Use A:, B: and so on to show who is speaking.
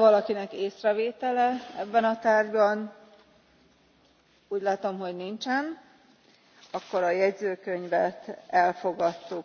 A: valakinek észrevétele ebben a tárgyban? úgy látom hogy nincsen.
B: akkor a jegyzőkönyvet elfogadtuk.